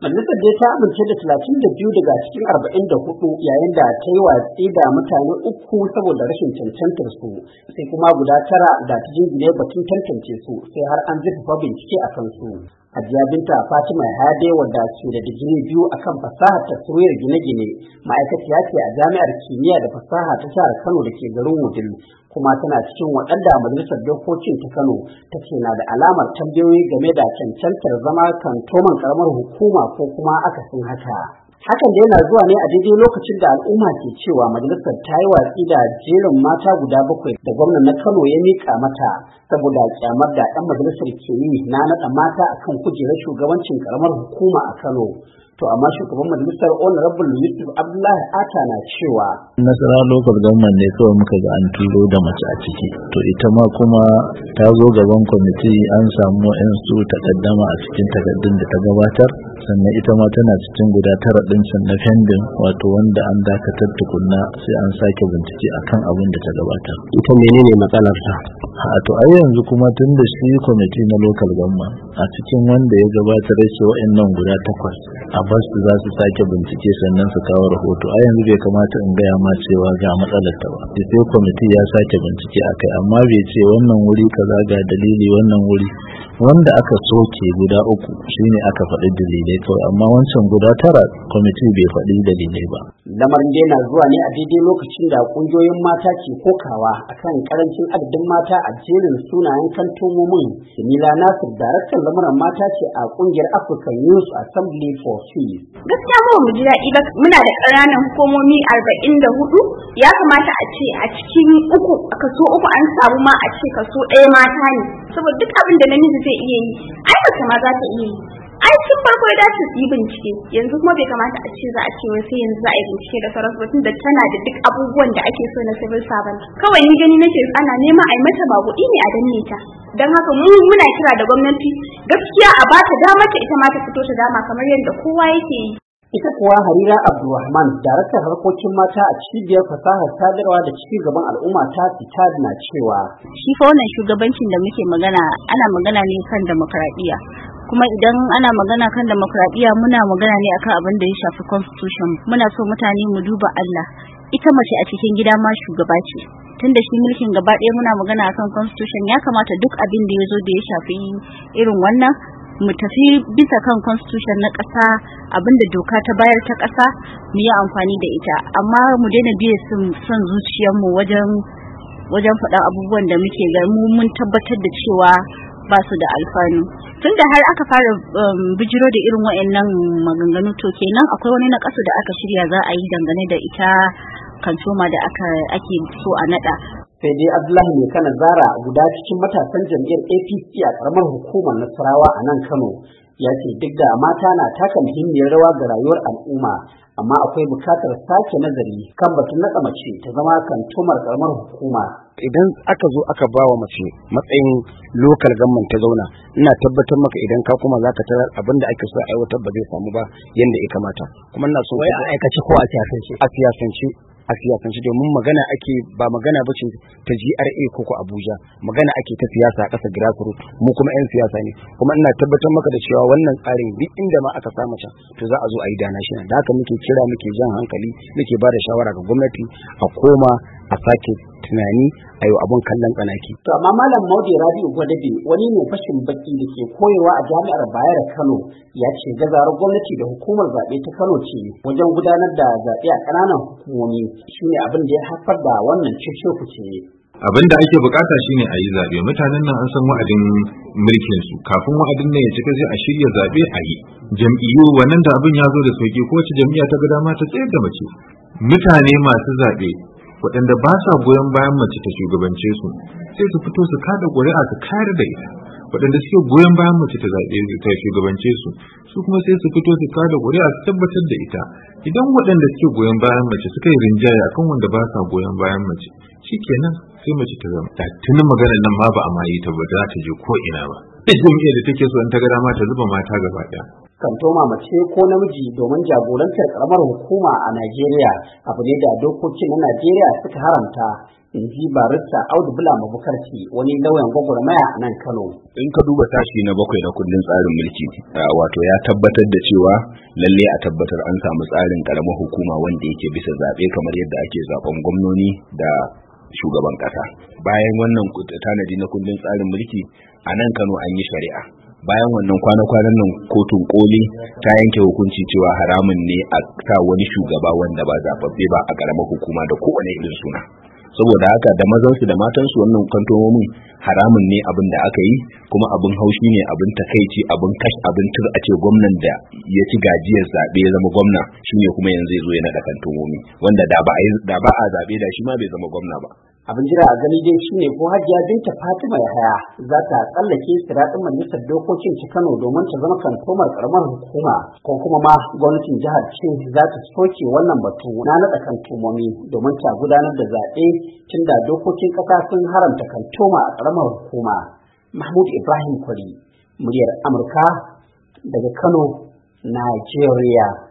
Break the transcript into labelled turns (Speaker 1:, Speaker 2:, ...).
Speaker 1: Majalisar dai ta amince da talatin da biyu daga cikin arba'in da hudu yayin da ta yi watsi da mutane uku saboda rashin cancantar su sai kuma guda tara da ta jingine batun tantance su sai har an zurfafa bincike a kansu. A jiya Binta Fatima Hade wadda ke da digiri biyu akan fasahar taswirar gine-gine ma'aikaciya ce a jami'ar kimiyya da fasaha ta jihar Kano da ke garin Wudil kuma tana cikin waɗanda majalisar dokokin ta Kano ta ce na da alamar tambayoyi game da cancantar zama kan toman karamar hukuma ko kuma akasin haka. hakan da yana zuwa ne a daidai lokacin da al'umma ke cewa majalisar ta yi watsi da jerin mata guda bakwai da gwamnan na kano ya mika mata saboda kyamar da ɗan majalisar ke yi na naɗa mata akan kujerar shugabancin karamar hukuma a kano to amma shugaban majalisar honorable yusuf abdullahi ata na cewa
Speaker 2: nasara local government ne kawai muka ga an turo da mace a ciki to ita ma kuma ta zo gaban kwamiti an samu yan su takaddama a cikin takaddun da ta gabatar sannan ita ma tana cikin guda tara din na fendin wato wanda an dakatar tukunna sai an sake bincike akan abin da ta gabatar ita menene matsalar ta a to ai yanzu kuma tun da shi kwamiti na lokal gamma a cikin wanda ya gabata gabatar yake wa'annan guda takwas a basu za su sake bincike sannan su kawo rahoto a yanzu bai kamata in gaya ma cewa ga matsalar ta ba sai kwamiti ya sake bincike a kai amma bai ce wannan wuri kaza ga dalili wannan wuri wanda aka soke guda uku shine aka faɗi dalilai kawai amma wancan guda tara kwamiti bai faɗi dalilai ba
Speaker 1: lamarin dai na zuwa ne a daidai lokacin da ƙungiyoyin mata ke kokawa akan karancin adadin mata a a jerin sunayen kantomomin Simila Nasir daraktan lamuran mata ce a kungiyar African Youth Assembly for Peace. Gaskiya mu mu ji daɗi ba muna da ƙananan hukumomi arba'in da hudu ya kamata a ce a cikin uku kaso uku an samu ma a ce kaso ɗaya mata ne saboda duk abin da namiji zai iya yi ai mace ma za ta iya yi ai farko ya dace su yi bincike yanzu kuma bai kamata a ce za a ce wai sai yanzu za a yi bincike da sauran tun da tana da duk abubuwan da ake so na civil servant kawai ni gani nake ana nema a yi mata kuɗi ne a danne ta don haka mu muna kira da gwamnati gaskiya a bata dama ta ita ma ta fito ta dama kamar yadda kowa yake yi Ita kuwa Harira Abdulrahman, daraktar harkokin mata a cibiyar fasahar sadarwa da ci gaban al'umma ta fita na cewa. Shi fa wannan shugabancin da muke magana ana magana ne kan demokradiyya. kuma idan ana magana kan demokradiyya muna magana ne akan abin da ya shafi constitution muna so mutane mu duba Allah ita mace a cikin gida ma shugaba ce Tunda shi mulkin gaba ɗaya muna magana akan constitution ya kamata duk abin da ya zo da ya shafi irin wannan mu tafi bisa kan constitution na ƙasa abinda doka ta bayar ta ƙasa mu yi amfani da ita amma mu daina biye son zuciyarmu wajen wajen faɗa abubuwan da muke ga mun tabbatar da cewa ba su da alfanu tun da har aka fara um, bijiro da irin wa'annan maganganu to kenan akwai wani nakasu da aka shirya za a yi dangane da ita kansoma da ake so a nada sai dai abdullahi mai kana zara guda cikin matasan jam'iyyar apc a karamar hukumar nasarawa a nan kano ya ce duk da mata na taka muhimmiyar rawa ga rayuwar al'umma amma akwai bukatar sake nazari kan batun na mace ta zama kantumar karamar hukuma idan aka zo aka ba wa mace matsayin lokal gamman ta zauna ina tabbatar maka idan ka kuma zaka tarar abin da ake so aiwatar ba zai samu ba yanda ya kamata kuma ina so a aikace ko a siyasance a siyasance a siyasance domin magana ake ba magana ba ce ta GRA ko ko Abuja magana ake ta siyasa a ƙasar grassroots mu kuma 'yan siyasa ne kuma ina tabbatar maka da cewa wannan tsarin duk inda ma aka samu can to za a zo a yi dana shi da haka muke kira muke jan hankali muke ba da shawara ga gwamnati a koma a sake tunani a yau abin kallon tsanaki. To amma Malam Maudi Rabi'u Gwadabe wani mai fashin baki da ke koyarwa a jami'ar Bayar Kano ya ce gazarar gwamnati da hukumar zaɓe ta Kano ce wajen gudanar da zaɓe a ƙananan hukumomi shi ne abin da ya haifar da wannan ce.
Speaker 2: abin da ake bukata shine a yi zaɓe mutanen nan an san wa'adin mulkin su kafin wa'adin nan ya cika sai a shirya zaɓe a yi jam'iyyu wannan da abin ya zo da sauki ko wace jam'iyya ta gada mata ta tsayar da mace mutane masu zaɓe waɗanda ba sa goyon bayan mace ta shugabance su sai su fito su kada ƙuri'a su kayar da ita waɗanda suke goyon bayan mace ta zaɓe ta shugabance su su kuma sai su fito su kada ƙuri'a su tabbatar da ita idan waɗanda suke goyon bayan mace suka yi rinjaye akan wanda ba sa goyon bayan mace shi shikenan sai mace ta zama ta tuni magana nan ma ba a ma yi ta ba za ta je ko ina ba duk da take so in ta ga dama ta zuba mata gaba ɗaya
Speaker 1: kantoma mace ko namiji domin jagorantar karamar hukuma a Najeriya abu ne da dokokin na Najeriya suka haramta in ji barista Audu Bula Mabukarci wani lauyan gwagwarmaya a nan Kano.
Speaker 3: In ka duba tashi na bakwai na kundin tsarin mulki wato ya tabbatar da cewa lalle a tabbatar an samu tsarin karamar hukuma wanda yake bisa zaɓe kamar yadda ake zaɓen gwamnoni da shugaban ƙasa. Bayan wannan tanadi na kundin tsarin mulki a nan Kano an yi shari'a. bayan wannan kwana-kwanan nan kotun koli ta yanke hukunci cewa haramun ne a sa wani shugaba wanda ba zababbe ba a karamar hukuma da kowane irin suna saboda haka da mazansu da matansu wannan kantomomin haramun ne abin da aka yi kuma abin haushi ne abin takaici abin kash abin tur a ce gwamnan da ya ci gajiyar zaɓe ya zama gwamna shine kuma yanzu ya zo yana da kantomomi wanda da ba a
Speaker 1: zaɓe da shi ma bai zama gwamna ba abin jira a gani dai shine ko hajiya binta fatima ya haya za ta tsallake siratin majalisar dokokin ta kano domin ta zama kantomar karamar hukuma ko kuma ma gwamnatin jihar ce za ta soke wannan batu na naɗa kantomomi domin ta gudanar da zaɓe tun da dokokin ƙasa sun haramta kantoma a karamar hukuma mahmud ibrahim kwari muryar amurka daga kano
Speaker 2: nigeria